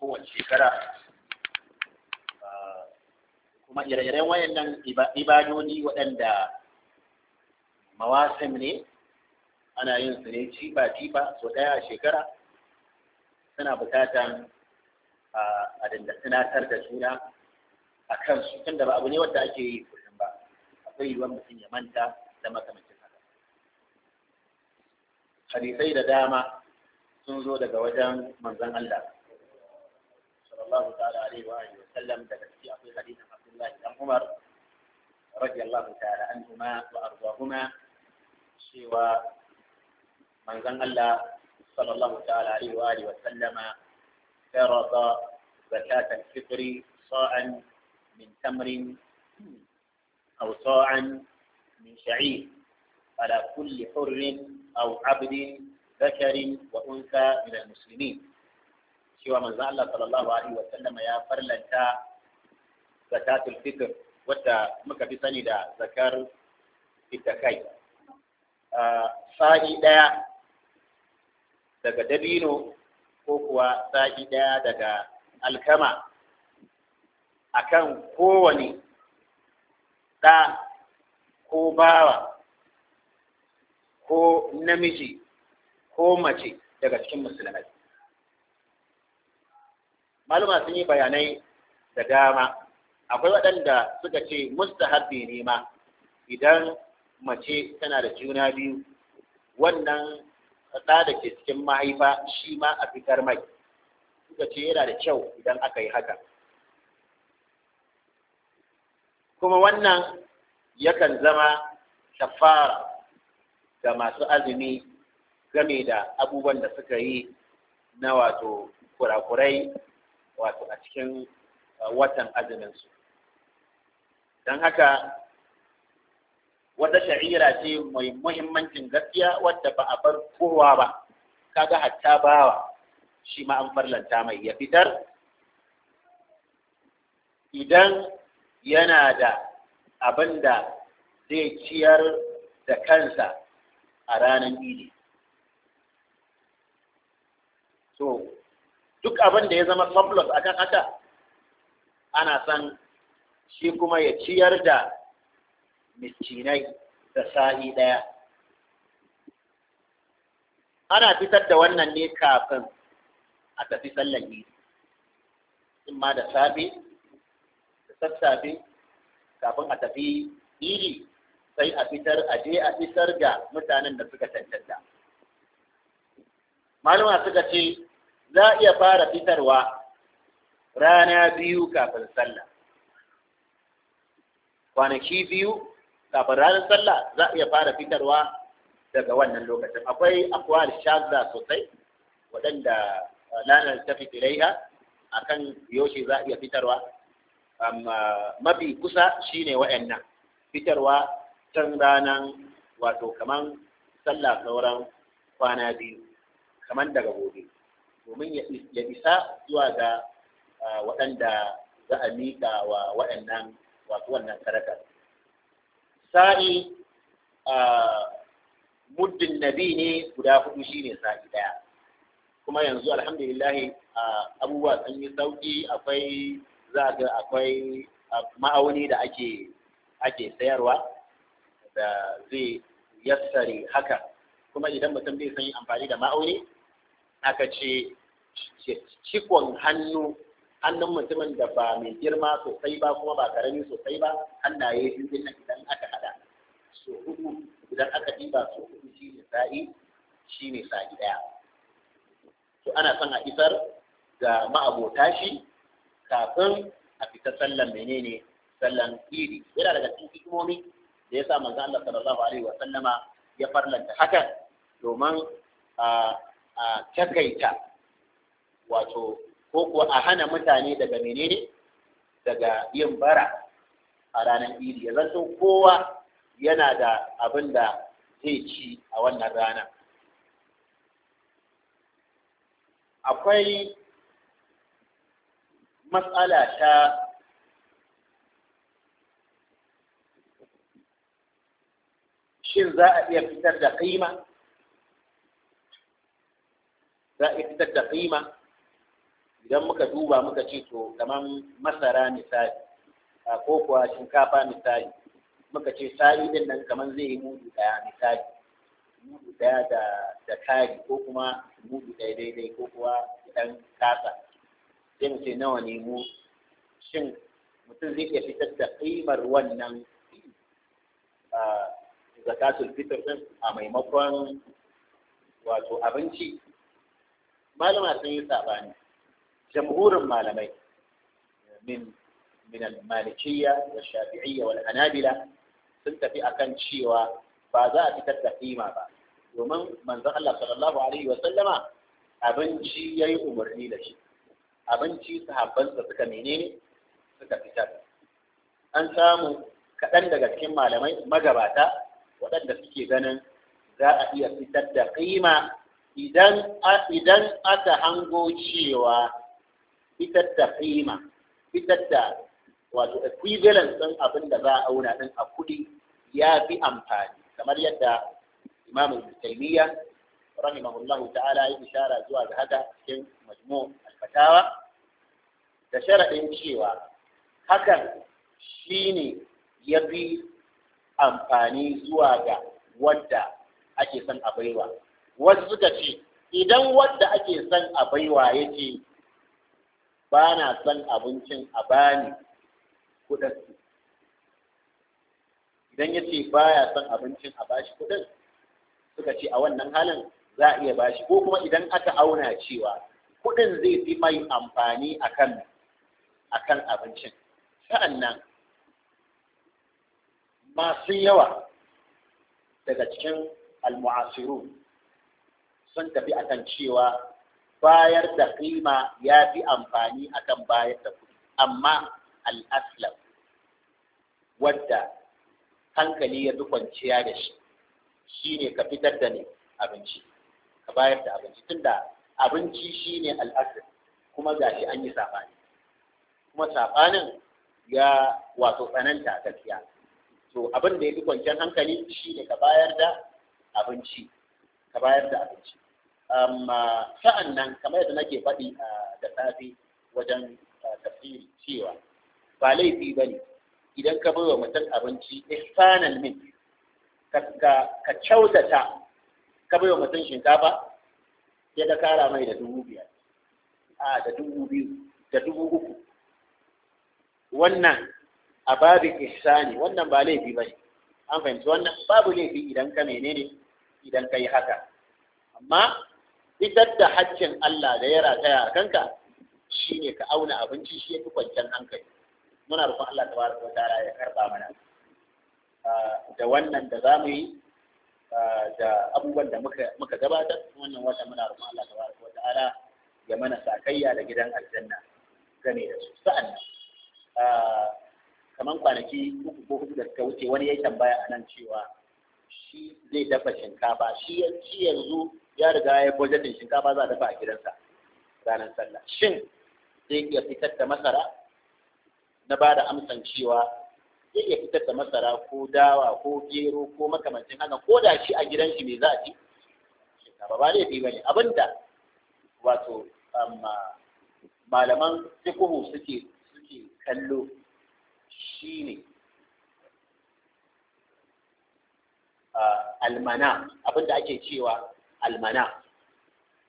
kowace shekara ah, kuma ire-iren nan ibadodi waɗanda mawasim ne ana yin su ne ciba-ciba so ɗaya a shekara suna bukatan ah, a dinda tunatar da juna a kansu tunda ba abu ne wanda ake yi kullum ba akwai yiwuwar mutum ya manta da makamancin haka hadisai da dama sun zo daga wajen manzon Allah الله تعالى عليه وآله وسلم ذكر في حديث عبد الله بن عمر رضي الله تعالى عنهما وأرضاهما سوى من ظن الله صلى الله تعالى عليه وآله وسلم فرض زكاة الفطر صاعا من تمر أو صاعا من شعير على كل حر أو عبد ذكر وأنثى من المسلمين cewa manzo Allah sallallahu alaihi wa sallam ya farlanta zakatul fitr wadda muka fi sani da zakar fitakai sa'i daya daga dabino ko kuwa sa'i daya daga alkama akan kowane ɗa ko bawa ko namiji ko mace daga cikin musulmai maluma sun yi bayanai da dama akwai waɗanda suka ce mustahabbi ne ma idan mace tana da juna biyu wannan ɗa da ke cikin mahaifa shi ma a fitar mai suka ce yana da kyau idan aka yi haka kuma wannan yakan zama shafara ga masu azumi game da abubuwan da suka yi na wato kurakurai wato a cikin watan azumin su don haka wata sha'ira ce mai muhimmancin gaskiya wadda ba a bar kowa ba kaga hatta bawa shi ma an farlanta mai ya fitar idan yana da abin da zai ciyar da kansa a ranar idi to duk abin da ya zama surplus akan haka ana san shi kuma ya ciyar da miskinai da sa'i ɗaya ana fitar da wannan ne kafin a tafi sallan idi in ma da safe da sassafe kafin a tafi idi sai a fitar a je a fitar da mutanen da suka tantanta. malama suka ce za a iya fara fitarwa rana biyu kafin sallah kwanaki biyu kafin ranar sallah za a iya fara fitarwa daga wannan lokacin akwai akwai shazza sosai waɗanda uh, lanar ta fitilaiha a kan yaushe za a iya fitarwa amma mafi kusa shine waɗannan fitarwa can ranar wato kaman sallah sauran kwana biyu kaman daga gobe domin ya isa zuwa ga ah, waɗanda za a miƙa wa waɗannan wasu wannan sadaka sa'i ah, muddin nabi ne guda hudu ne sa'i ɗaya. kuma yanzu alhamdulillah ah, abubuwa sun yi sauƙi akwai za ga akwai ma'auni da ake ake sayarwa da zai yassare haka kuma idan mutum bai san amfani da ma'auni aka ce cikon hannu hannun mutumin da ba mai girma sosai ba kuma ba karami sosai ba hannaye biyu din nan idan aka hada so hudu idan aka diba so hudu shi ne sa'i shi ne sa'i daya to ana son a isar ga ma'abota shi kafin a fita sallan menene sallan iri. yana daga cikin hikimomi da ya sa manzo Allah sallallahu alaihi wa sallama ya farlanta hakan domin a takaita wato ko kuwa a hana mutane daga menene daga yin bara a ranar idi ya zanto kowa yana da abin da zai ci a wannan rana akwai matsala ta shin za a iya fitar da kima za a iya fitar da kima idan muka duba muka ce to kamar masara misali ko kuwa shinkafa misali muka ce sa'i din nan kamar zai yi mudu daya misali mudu daya da da kari ko kuma mudu daya daidai ko kuwa dan kasa sai mu ce nawa ne mu shin mutum zai iya fitar da kimar wannan zakatul fitar din a maimakon wato abinci malama sun yi sabani jamhurin malamai min min al-malikiyya wa shafi'iyya sun tafi a kan cewa ba za a fitar da kima ba domin manzon Allah sallallahu wa sallama abinci yayi umarni da shi abinci sahabbansa suka menene suka fitar an samu kaɗan daga cikin malamai magabata waɗanda suke ganin za a iya fitar da ƙima idan aka hango cewa Fitatta da fitatta fitar da wato equivalent ɗin abin da za a auna ɗin a kuɗi ya fi amfani kamar yadda imam taimiyya rahimahullahu ta'ala ya ishara zuwa ga haka cikin majmu' alfatawa da sharaɗin cewa hakan shine ya fi amfani zuwa ga wadda ake son a baiwa wasu suka ce idan wadda ake son a baiwa yake ba na son abincin a bani kuɗin idan ya ce ba ya son abincin a bashi kuɗin suka ce a wannan halin za a iya bashi ko kuma idan aka auna cewa kuɗin zai fi mai amfani akan akan abincin sa'annan masu yawa daga cikin almu'asiru sun tafi akan cewa bayar da kima ya fi amfani akan bayar da kuɗi amma al'aslam wadda hankali ya fi kwanciya da shi shi ne ka fitar da ne abinci ka bayar da abinci tunda abinci shi ne al'aslam kuma ga shi an yi saɓani kuma saɓanin ya wato tsananta gaskiya to abin da ya fi kwanciyar hankali shi ne ka bayar da abinci ka bayar da abinci amma sa'an nan kamar yadda nake faɗi da safe wajen tafsiri cewa ba laifi ba ne idan ka bai wa mutum abinci ihsanal min ka kyautata ka bai wa mutum shinkafa ya ka kara mai da dubu biyar a da dubu biyu da dubu uku wannan a babin ihsani wannan ba laifi ba ne an fahimci wannan babu laifi idan ka menene idan ka yi haka amma fitar da haccin Allah da ya rataya a kanka shine ka auna abinci shi yafi kwanciyar hankali muna rufin Allah tabaraka wata ta'ala ya karba mana ah, da wannan da za mu yi ah, da abubuwan da muka gabatar wannan wata muna rufin Allah tabaraka wata ta'ala ya mana sakayya da gidan aljanna game da su sa'annan ah, kamar kwanaki uku ko hudu da suka wuce wani ya tambaya a nan cewa shi zai dafa shinkafa shi yanzu ya riga ya din shinkafa za a dafa a gidansa ranar sallah shin zai iya fitar da masara na ba da amsan cewa zai iya fitar da masara ko dawa ko gero ko makamancin haka ko da shi a gidan shi me za a ci shinkafa ba laifi ba ne abinda wato um, malaman fiqhu suke suke kallo shine uh, almana abinda ake cewa almana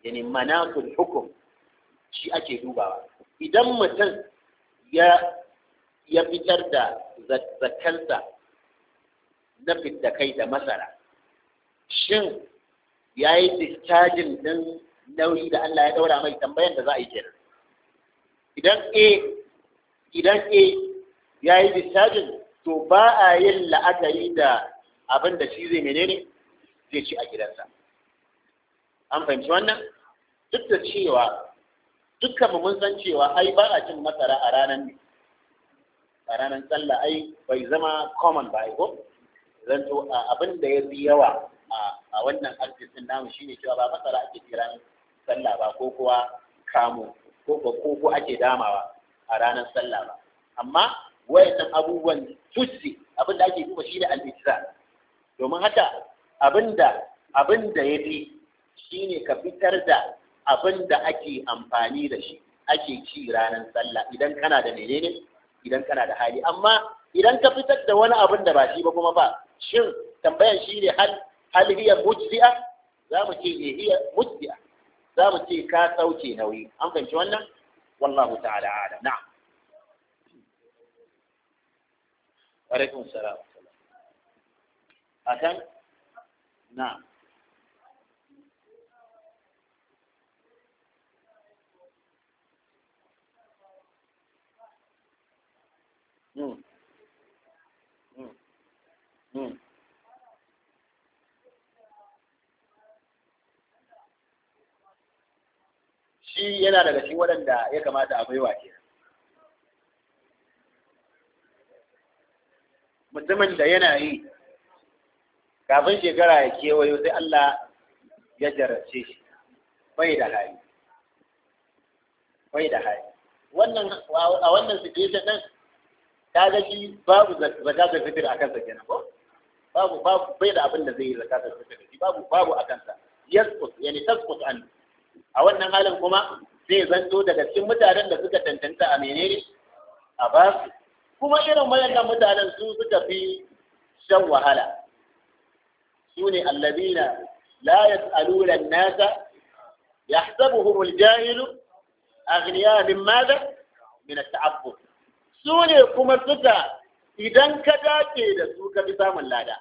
yani manakul hukum shi ake dubawa idan mutum ya ya fitar da zakansa na kai da masara shin ya yi discharging din nauyi da Allah ya daura mai tambayar da za a yi kenan idan a idan a ya yi discharging to ba a yin la'akari da abin da shi zai menene zai ci a gidansa an fahimci wannan duk da cewa dukkan mun san cewa ai ba a cin masara a ranar a ranar sallah ai bai zama common ba ai ko to abin da ya fi yawa a wannan arzikin namu shine cewa ba masara ake kiran sallah ba ko kuwa kamo ko ba ko ko ake damawa a ranar sallah ba amma wayannan abubuwan tutsi abin da ake kuma shine al-ijza domin haka abin da abin da ya fi shine ka fitar da abin da ake amfani da shi ake ci ranar sallah idan kana da menene idan kana da hali amma idan ka fitar da wani abin da ba shi ba kuma ba shin tambayan shi ne hal hiya mujzi'a za mu ce eh hiya mujzi'a za mu ce ka sauke nauyi an fahimci wannan wallahu ta'ala ala na'am wa alaikum salam akan na'am Hmm. Hmm. Hmm. Shi yana daga shi waɗanda ya kamata a baiwa ke. Mutumin da yana yi, kafin shekara ya kewayo sai Allah ya jarace shi, bai da hali. Bai da hali. Wannan, a wannan situation kaga shi babu zakatul fitr a kansa kenan ko babu babu bai da abin da zai yi zakatul fitr shi babu babu a kansa yasqut yani tasqut an a wannan halin kuma zai zanto daga cikin mutanen da suka tantanta a menene a ba kuma irin wayannan mutanen su suka fi shan wahala su ne allazina la yas'aluna an-nasa yahsabuhum al-jahilu aghniya min madha min at-ta'abbud su ne kuma suka idan ka dace da su ka fi samun lada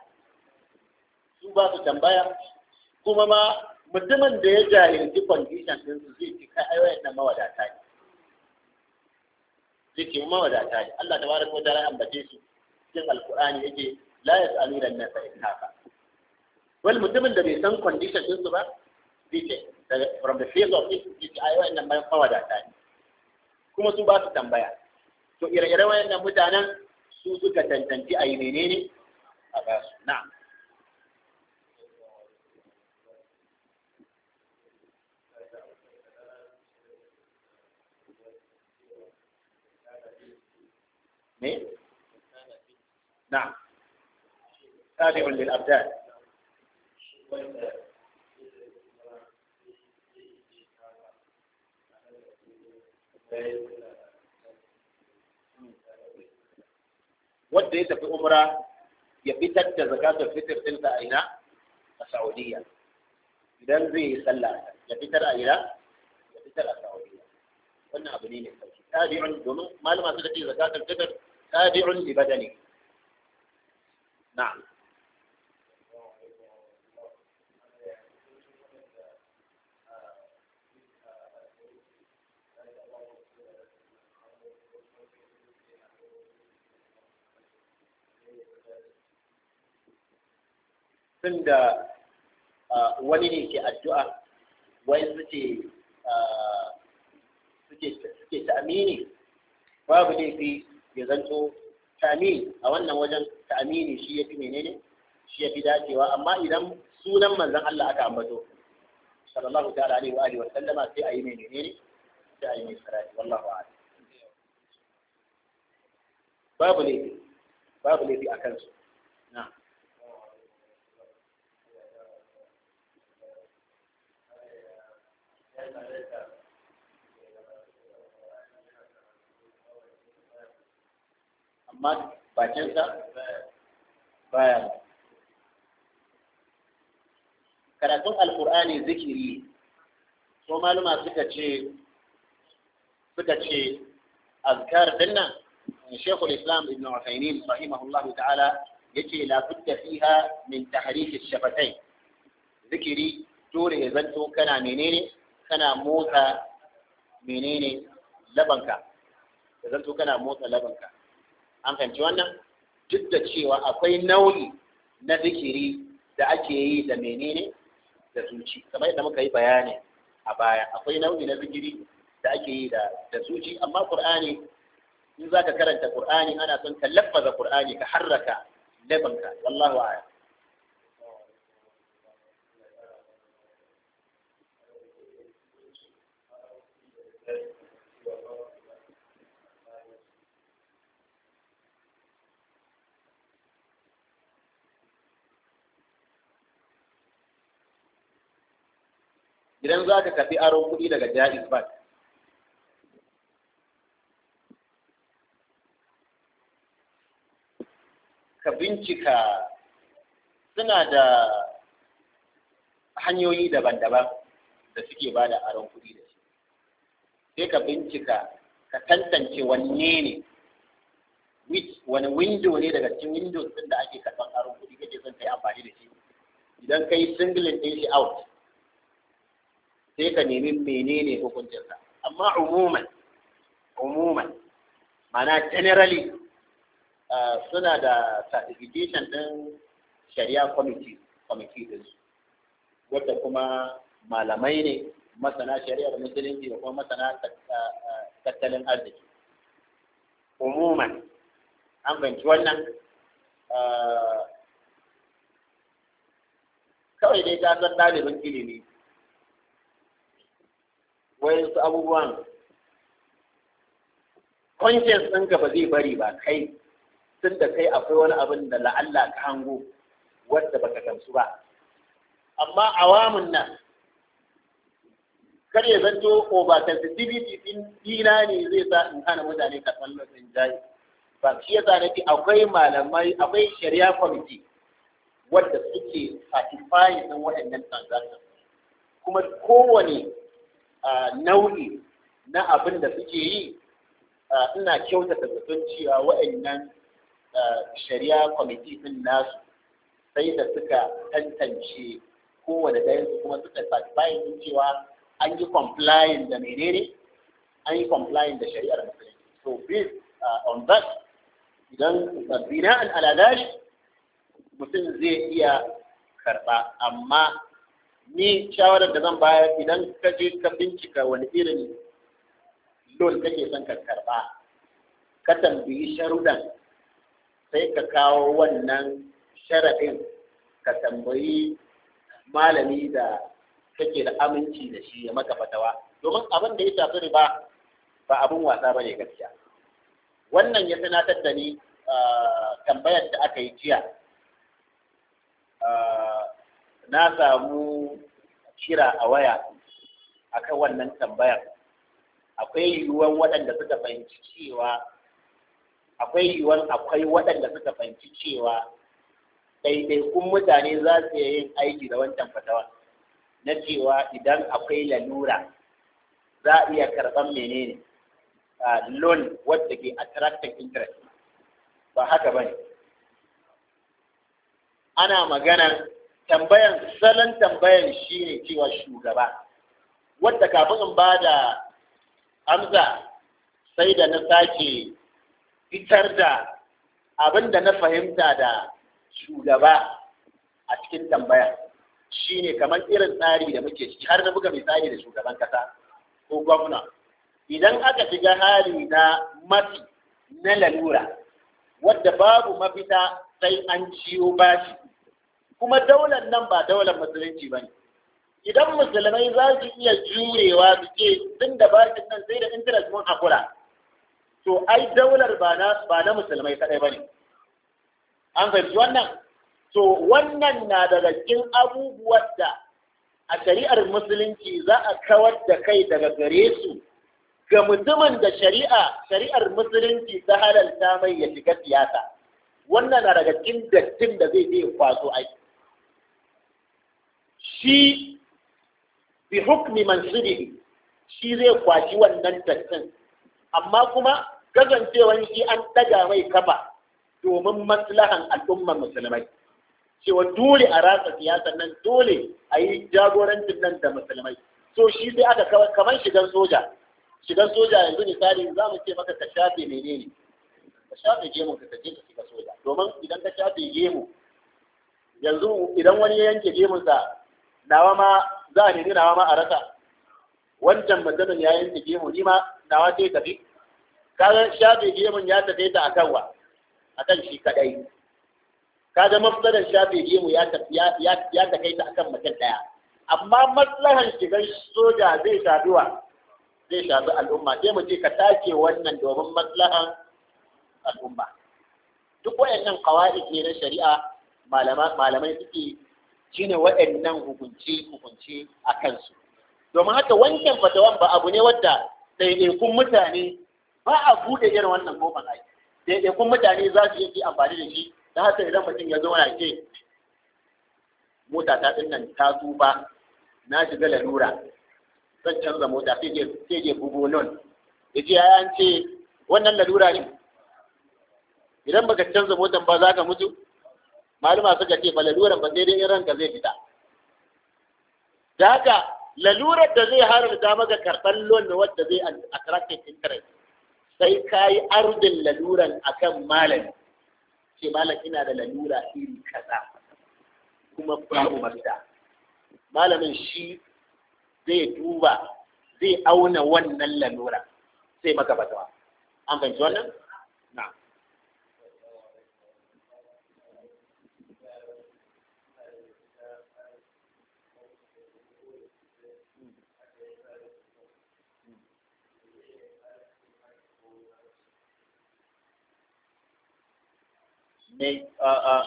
su ba su tambaya kuma ma mutumin da ya jahilci condition din su zai cika aiwayar da mawadata ne zai ce mawadata ne Allah tabaraka wa ta'ala ambace su cikin alqur'ani yake la yas'alu lan nasa ilhafa wal mutumin da bai san condition din su ba zai ce from the face of it zai ce aiwayar da mawadata ne kuma su ba su tambaya to ire-ire wayannan mutanen su suka cancanci a yi menene a ba su na ne? na'am tabi'un lil abdan Thank you. Wadda ya tafi umra ya fitar da zakatul fitr ɗinsa a ina a Saudiya idan zai yi sallah ya fitar a ina ya fitar a Saudiya wannan abu ne mai sauki tabi'un domin malama su da ce zakatul fitr tabi'un li badani na'am tun da wani ne ke addu'a wai suke suke ta'amini babu laifi ya zanto ta'amini a wannan wajen ta'amini shi ya fi menene shi ya fi dacewa amma idan sunan manzan Allah aka ambato sallallahu ta'ala alaihi wa alihi wa sallama sai a yi menene sai a yi mai sarari wallahu a'lam babu laifi babu fi a kansu amma bakinsa baya karatun alkur'ani zikiri ko maluma suka ce suka ce azkar dinnan shekul islam ibn Uthaymeen rahimahullah ta'ala yace la budda fiha min tahrik ash shafatayn zikiri dole ya zanto kana menene kana motsa menene labanka da zanto kana motsa labanka an fahimci wannan duk da cewa akwai nau'i na zikiri da ake yi da menene da zuci kamar yadda muka yi bayani a baya akwai nau'i na zikiri da ake yi da da zuci amma qur'ani in zaka karanta qur'ani ana son ka lafaza qur'ani ka harraka labanka wallahu a'lam idan za ka tafi aron kuɗi daga jaiz ba ka bincika suna da hanyoyi daban-daban da suke ba da aron kuɗi da shi sai ka bincika ka tantance wanne ne wani window ne daga cikin windows din da ake karban aron kuɗi kake son kai amfani da shi idan kai singling din shi out sai ka nemi menene hukuncinsa amma umuman umuman mana generally uh, suna da certification din shari'a committee committee din su wadda kuma malamai ne masana shari'ar musulunci da kuma masana uh, tattalin arziki umuman an fahimci wannan uh, kawai dai ta san ɗalibin ilimi wayansu abubuwan conscience ɗinka ba zai bari ba kai tun da kai akwai wani abin da la'alla ka hango wadda baka gamsu ba amma awamun nan kar ya zanto over sensitivity din dina ne zai sa in hana mutane karɓar lokacin jayi ba shi ya zane ki akwai malamai akwai shari'a committee wadda suke certifying din waɗannan transaction kuma kowane nau'i na abin da suke yi ina kyautata zaton cewa wa'annan shari'a kwamiti ɗin nasu sai da suka tantance kowane ɗayan su kuma suka bayan sun cewa an yi complying da menene an yi complying da shari'ar musulunci so based on that idan bina'an al'adashi mutum zai iya karɓa amma ni shawarar da zan baya idan ka je ka bincika wani irin loan kake son ka karba ka tambayi sharudan sai ka kawo wannan sharaɗin ka tambayi malami da kake da aminci da shi ya maka fatawa domin abin da ya shafi riba ba abin wasa ba ne gaskiya wannan ya sanatar da ni ah, tambayar da aka yi jiya ah, na samu kira a waya akan wannan tambayar akwai yiwuwar waɗanda suka fahimci cewa akwai yiwuwar akwai waɗanda suka fahimci cewa ɗaiɗaikun mutane za su yin aiki da wancan fatawa na cewa idan akwai lalura za a iya karɓar menene loan wadda ke attracting interest ba haka ba ne ana maganar tambayan salon tambayan shi ne cewa shugaba wadda kafin in ba da amsa sai da na sake fitar da abin da na fahimta da shugaba a cikin tambaya ne kamar irin tsari da muke ciki har na buga misali da shugaban kasa ko gwamna idan aka shiga hali na mafi na lalura wadda babu mafita sai an ciwo bashi kuma daular nan ba daular musulunci ba ne idan musulmai za su iya jurewa su ce tun da bashin nan sai da intanet mun hakura to ai daular ba na ba na musulmai kadai bane an fahimci wannan to wannan na daga cikin abubuwan da a shari'ar musulunci za a kawar da kai daga gare su ga mutumin da shari'a shari'ar musulunci ta halalta mai ya shiga siyasa wannan na daga cikin dattin da zai je kwaso ai shi bi hukmi mansibihi shi zai kwashi wannan dattin amma kuma kasancewan shi an daga mai kafa domin maslahan al'ummar musulmai cewa dole a ratsa siyasar nan dole a yi jagorancin nan da musulmai so shi sai aka kamar shigan soja shigan soja yanzu misali za mu ce maka ka shafe menene ka shafe gemu ka kaje ka shiga soja domin idan ka shafe gemu yanzu idan wani ya yanke gemunsa nawa ma za a nemi nawa ma a rasa wancan mutumin ya yanke gemu ni ma nawa sai tafi kaga shafe gemun ya tafi ta akan a kan shi kadai kaga mafsadan shafe gemu ya tafi ya tafi ta akan mutum daya amma maslahan shigar soja zai shafi wa zai shafi al'umma sai mu ce ka take wannan domin maslahan al'umma duk wayannan qawaid ne na shari'a malamai suke shine waɗannan hukunci hukunci a kansu domin haka wancan fatawan ba abu ne wadda ɗaiɗaikun mutane ba a buɗe irin wannan kofar ai ɗaiɗaikun mutane za su yi amfani da shi da haka idan mutum ya zo na ce mota ta ɗin ta tuba na shiga lalura zan canza mota sai je bugo non ya ce ya ce wannan lalura ne idan baka canza motan ba za ka mutu maluma suka ce ba laluran ba sai dai ranka zai fita da haka lalurar da zai haramta maka karɓar loan wadda zai attractive interest sai ka yi ardin laluran akan malami ce malam ina da lalura iri kaza kuma babu mafita malamin shi zai duba zai auna wannan lalura sai maka batawa. an fahimci wannan na'am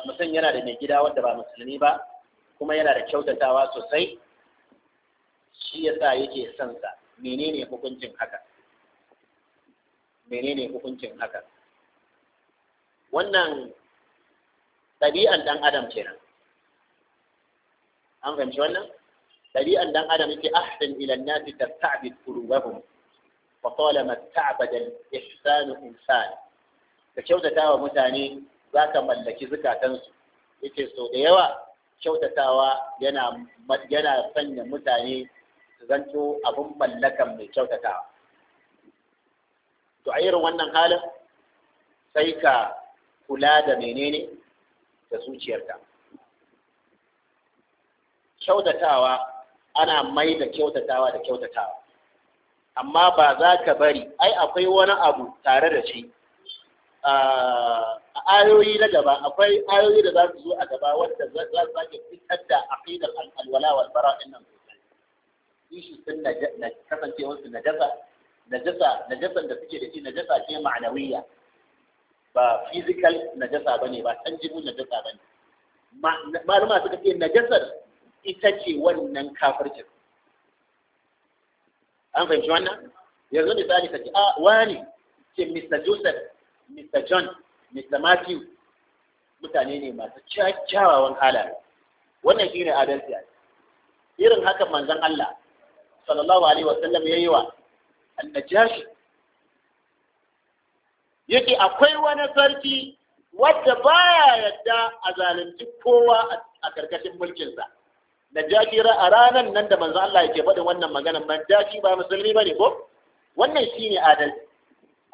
mutum yana da mai gida wanda ba musulmi ba kuma yana da kyautatawa sosai shi yasa yake son sa menene hukuncin haka menene hukuncin haka wannan ɗabi'an ɗan adam kenan an fahimci wannan ɗabi'an ɗan adam yake ahsan ila nasi tasta'bid qulubahum wa qala ma ta'bada al-ihsanu insan ka kyautata wa mutane za ka mallaki zukatansu yake sau da yawa kyautatawa yana yana sanya mutane su zanto abin mallakan mai kyautatawa to a irin wannan halin sai ka kula da menene da zuciyarka kyautatawa ana mai da kyautatawa da kyautatawa amma ba za ka bari ai akwai wani abu tare da shi ah, a ayoyi na gaba akwai ayoyi da za su zo a gaba wanda za su sake fitar da aqidar al-alwala wal bara din nan shi sun na kasancewar na najasa najasa da suke da shi najasa ce ma'anawiyya ba physical najasa bane ba tangible najasa bane malama suka ce najasar ita ce wannan kafircin an fahimci wannan yanzu misali ka ce a ah, wani ce Mr. Joseph Mr. John Mr. Matthew mutane ne masu kyawawan halaye wannan shi ne adalci irin haka manzon Allah sallallahu alaihi wasallam yi wa annajashi yake akwai wani sarki wadda baya yadda a zalunci kowa a karkashin mulkinsa najashi a ranar nan da manzo Allah yake faɗin wannan magana najashi ba musulmi bane ko wannan shi ne adalci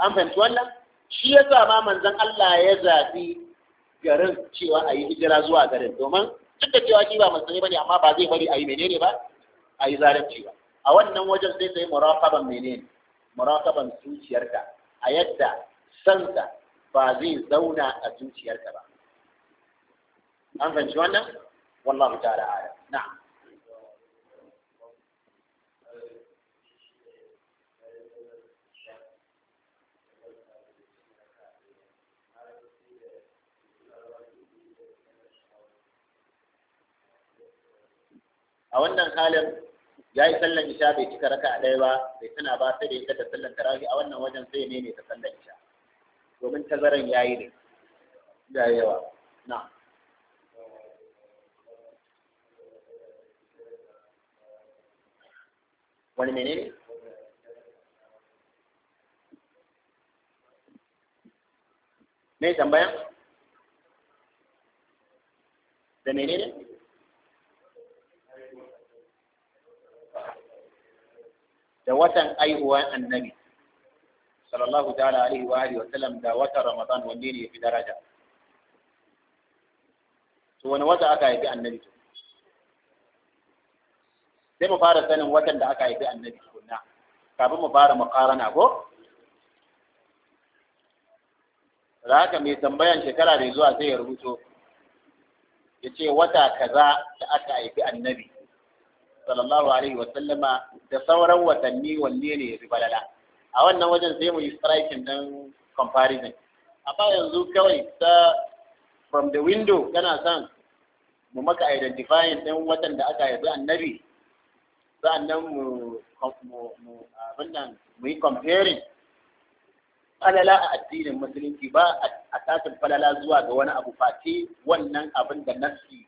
an fahimci wannan shi ya sa ma manzon Allah ya zaɓi garin cewa a yi hijira zuwa garin domin duk da cewa shi ba musulmi bane amma ba zai bari a yi menene ba a yi zalunci ba a wannan wajen sai sai murakaban menene murakaban zuciyarka a yadda sansa ba zai zauna a zuciyarka ba an fahimci wannan wallahu ta'ala a'lam a wannan halin ya yi sallan isha bai cika raka ɗaya ba bai tana ba sai da ya da sallan tarawih a wannan wajen sai ne ne ta sallan isha domin tazaran ya yi ne da yawa na wani menene me tambayan da menene da watan aihuwan annabi sallallahu ta'ala alaihi wa alihi wa sallam da watan ramadan wanne ne yafi daraja to wani wata aka haifi annabi to sai mu fara sanin watan da aka haifi annabi na kafin mu fara muqarana ko da haka mai tambayan shekara da zuwa sai ya rubuto ya ce wata kaza da aka haifi annabi sallallahu alaihi sallama da sauran watanni wanne ne ya fi balala a wannan wajen sai mu yi striking dan comparison amma yanzu kawai ta from the window kana son mu maka identifying ɗin watan da aka yi annabi sa'annan mu mu nan mu yi comparing falala a addinin musulunci ba a tasin falala zuwa ga wani abu face wannan abin da nassi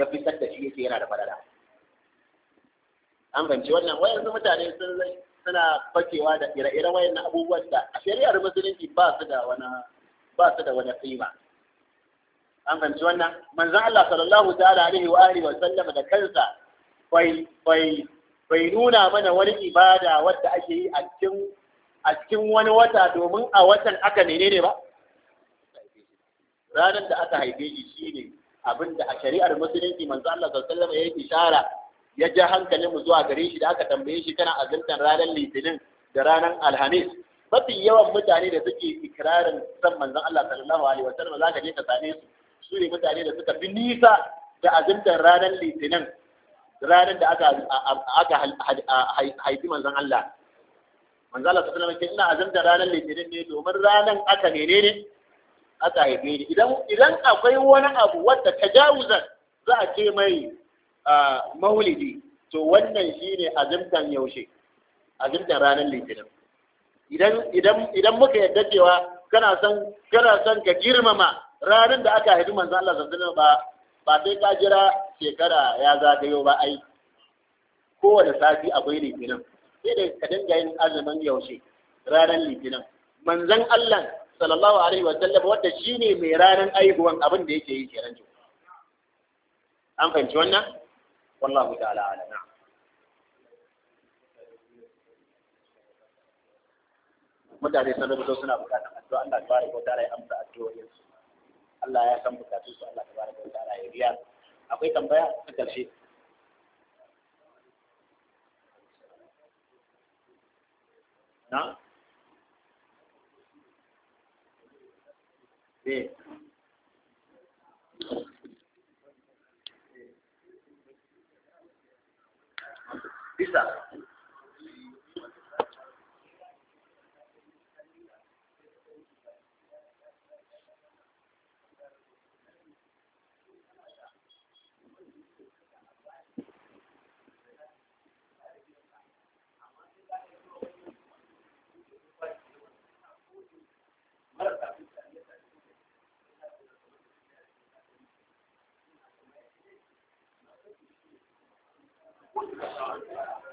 ya fitar da shi yake yana da falala an fahimci wannan wayansu mutane sun suna fakewa da ire-iren wayannan abubuwan da a shari'ar musulunci ba su da wani ba su da wani kima an fahimci wannan manzon Allah sallallahu ta'ala alaihi wa alihi wa sallama da kansa bai bai bai nuna mana wani ibada wadda ake yi a cikin a cikin wani wata domin a watan aka menene ba ranar da aka haife shi shine abin da a shari'ar musulunci manzo Allah sallallahu alaihi wasallam ya yi ishara ya ja hankalin mu zuwa gare shi da aka tambaye shi kana azumtar ranar litinin da ranar alhamis mafi yawan mutane da suke ikirarin san manzon Allah sallallahu alaihi wasallam za ka je ka same su su ne mutane da suka fi nisa da azumtar ranar litinin ranar da aka aka haifi manzon Allah manzon Allah sallallahu alaihi wasallam ina azumtar ranar litinin ne domin ranar aka menene aka haife ni idan idan akwai wani abu wanda tajawuzan za a ce mai maulidi to wannan shine azimtan yaushe azimtan ranar litinin idan idan idan muka yadda cewa kana son kana son ka girmama ranar da aka haifi manzo Allah sallallahu alaihi ba ba sai ka jira shekara ya zagayo ba ai kowane sati akwai litinin sai da ka dinga yin azumin yaushe ranar litinin manzon Allah sallallahu alaihi wa sallam wanda shine mai ranar aihuwan abin da yake yi kenan an fahimci wannan wallahu ta'ala ala na'am mutane sun rubuto suna bukatar addu'a Allah tabaraka wa ta ya amsa addu'o'in su Allah ya san bukatun su Allah ta tabaraka wa ta'ala ya biya akwai tambaya ta karshe na eh bisa Thank you.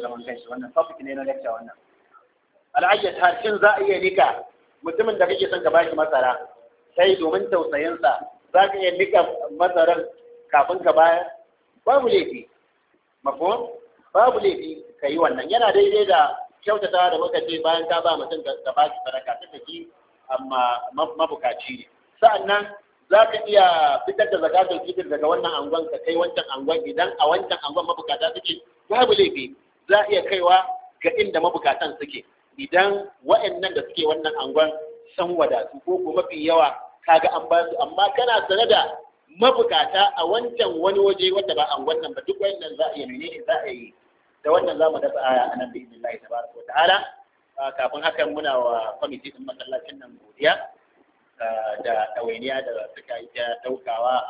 zaman kanshi wannan topic ne na lecture wannan al'ayyar harshen za a iya nika mutumin da kake son ka bashi masara sai domin tausayinsa za ka iya nika masaran kafin ka bayar babu laifi mako babu laifi ka yi wannan yana daidai da kyautatawa da muka ce bayan ka ba mutum ka ba shi sadaka ta tafi amma mabukaci ne sa'annan za ka iya fitar da zakatul fitr daga wannan angon ka kai wancan angon idan a wancan angon mabukata suke babu laifi za a iya kaiwa ga inda mabukatan suke idan wa'annan da suke wannan angon san wadatu ko ko mafi yawa kaga an ba su amma kana sanar da mabukata a wancan wani waje wanda ba angon nan ba duk wa'annan za a iya menene za a yi da wannan za mu dafa aya a nan bi'in Allah tabaraka wa ta'ala kafin hakan muna wa kwamiti din masallacin nan godiya da ɗawainiya da suka yi ta daukawa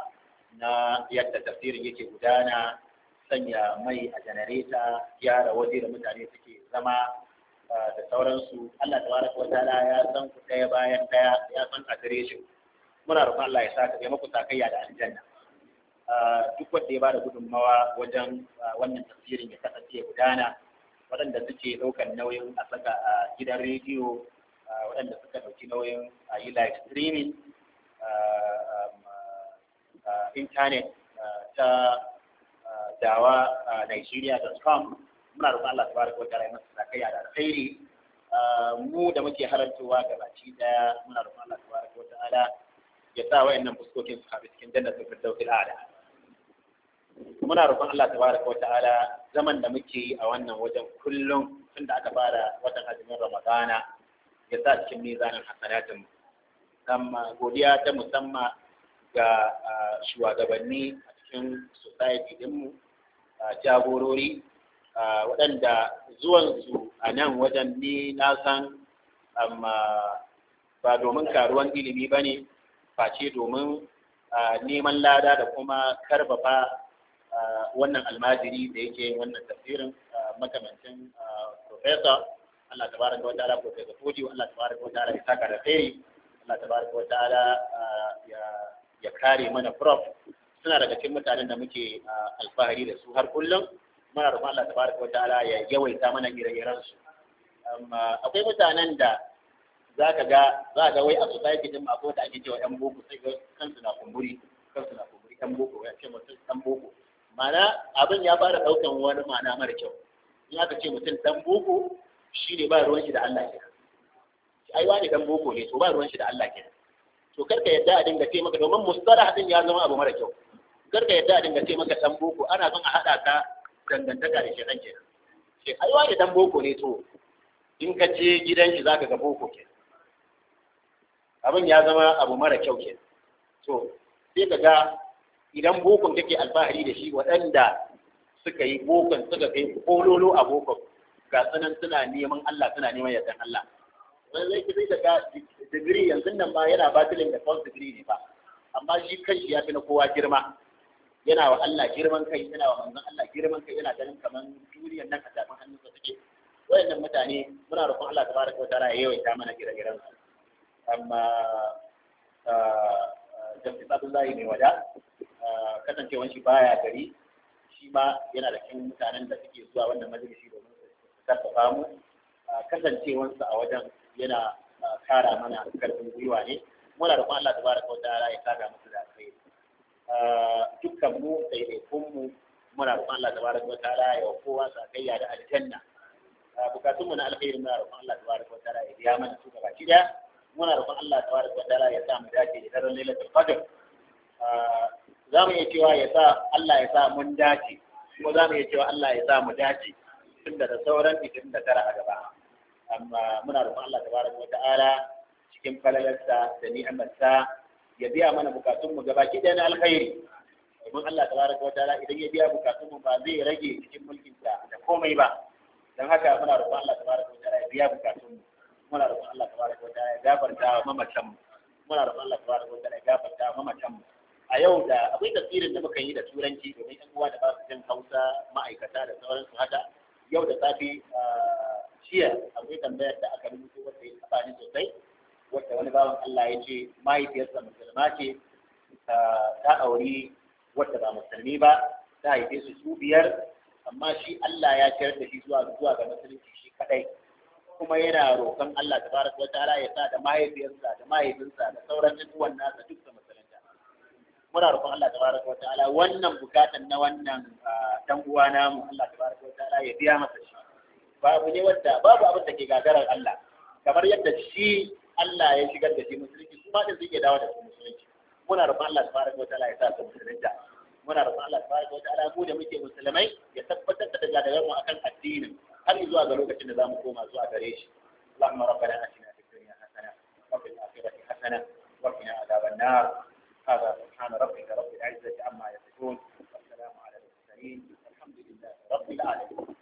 na yadda tafsirin yake gudana sanya mai a janareta gyara waje da mutane suke zama da sauransu Allah tabaraka wa ta'ala ya san ku ɗaya bayan ɗaya ya san adireshin muna roƙon Allah ya saka ya muku sakayya da aljanna duk wanda ya bada gudunmawa wajen wannan tafsirin ya kasance ya gudana waɗanda suke ɗaukar nauyin a saka a gidan rediyo waɗanda suka ɗauki nauyin a yi live streaming intanet ta dawa a nigeria.com muna roƙon Allah tabaraka wa ta'ala ya masa kai da alkhairi mu da muke harantowa baki daya muna roƙon Allah ta tabaraka wata ala ya sa wayannan fuskokin su haɗu cikin da firdausil a'la muna roƙon Allah ta tabaraka wata ala zaman da muke yi a wannan wajen kullum tun da aka fara watan azumin Ramadana ya sa cikin mizanin hasanatin amma godiya ta musamman ga shugabanni a cikin society dinmu jagorori waɗanda zuwansu a nan wajen ni na san amma ba domin karuwan ilimi ba ne face domin neman lada da kuma karfafa wannan almajiri da yake wannan tafsirin makamancin profesa Allah tabaraka wa ta'ala profesa Fuji Allah tabaraka wata ala ya saka da fere. Allah tabaraka wata ala ya kare mana prof suna daga cikin mutanen da muke alfahari da su har kullum muna roƙon Allah tabaraka wataala ya yawaita mana ire-iren su akwai mutanen da za ka ga za ga wai a society din ma da ake cewa yan boko sai ga kansu na kumburi kansu na kumburi yan boko ya ce mutum dan boko ma'ana abin ya fara daukan wani ma'ana mara kyau in aka ce mutum dan boko shi ne ba ruwan shi da Allah kenan ai wani dan boko ne to ba ruwan shi da Allah kenan to karka yadda a dinga ce maka domin mustalah din ya zama abu mara kyau karka yadda a dinga ce maka dan boko ana son a haɗa ka dangantaka da shi ranke ce ai wani dan boko ne to in ka je gidan shi zaka ga boko kenan abin ya zama abu mara kyau kenan to sai ka ga idan bokon take alfahari da shi waɗanda suka yi bokon suka kai kololo a bokon ga sanan suna neman Allah suna neman yardan Allah wani zai zai ga digiri yanzu nan ba yana batilin da first digiri ne ba amma shi kanshi ya fi na kowa girma yana wa Allah girman kai yana wa manzon Allah girman kai yana ganin kaman duniyar nan a tafin hannunsa take wayannan mutane muna roƙon Allah tabaraka wa ta'ala ya yawaita mana gira-giran amma ah, ah, Justice Abdullahi mai wada ah, kasancewan shi baya gari shi ma yana da cikin mutanen da suke zuwa wannan majalisi domin su karfafa mu kasancewansa a wajen yana kara mana karfin gwiwa ne muna roƙon Allah tabaraka wa ta'ala ya saka musu dukkan mu ɗaiɗaikun mu muna roƙon Allah tabaraka wa ta'ala ya wa kowa sakayya da aljanna bukatun mu na alkhairi muna roƙon Allah tabaraka wa ta'ala ya biya mana su gaba ki daya muna roƙon Allah tabaraka wa ta'ala ya sa mu dace da daren lailatul qadr za mu iya cewa ya sa Allah ya sa mun dace kuma za mu iya cewa Allah ya sa mu dace tun da sauran ishirin da tara a gaba amma muna roƙon Allah tabaraka wa ta'ala cikin falalarsa da ni'amarsa ya biya mana bukatun mu gaba kidan na alkhairi domin Allah tabaraka wa ta'ala idan ya biya bukatun mu ba zai rage cikin mulkin ta da komai ba dan haka muna roƙon Allah tabaraka wa ta'ala ya biya bukatun mu muna roƙon Allah tabaraka wa ta'ala ya gafarta wa mamacin mu muna roƙon Allah tabaraka wa ta'ala ya gafarta wa mamacin mu a yau da akwai tafsirin da muka yi da turanci domin yan uwa da ba su jin Hausa ma'aikata da sauransu haka yau da safe ah, jiya akwai tambayar da aka rubuto wanda ya taba ni sosai wanda wani bawan Allah ya ce mahaifiyarsa musulma ce ta auri wanda ba musulmi ba ta haife su su biyar amma shi Allah ya ciyar da shi zuwa zuwa ga musulunci shi kadai kuma yana roƙon Allah tabaraka wa ta'ala ya sa da mahaifiyarsa da mahaifinsa da sauran uwan nasa duk da musulunta muna roƙon Allah tabaraka wa ta'ala wannan bukatan na wannan dan uwa namu Allah tabaraka wa ta'ala ya biya masa shi babu ne wanda babu abin da ke gagarar Allah kamar yadda shi Allah ya shigar da shi musulunci su ma da zai iya dawo da musulunci muna roƙon Allah subhanahu wataala ya sa su musulunta muna roƙon Allah subhanahu wataala mu da muke musulmai ya tabbatar da jadalar mu akan addini har zuwa ga lokacin da zamu koma zuwa gare shi Allahumma rabbana atina fid dunya hasana wa fil akhirati hasana wa qina adhaban nar هذا سبحان ربك رب العزة عما يصفون والسلام على المرسلين والحمد لله رب العالمين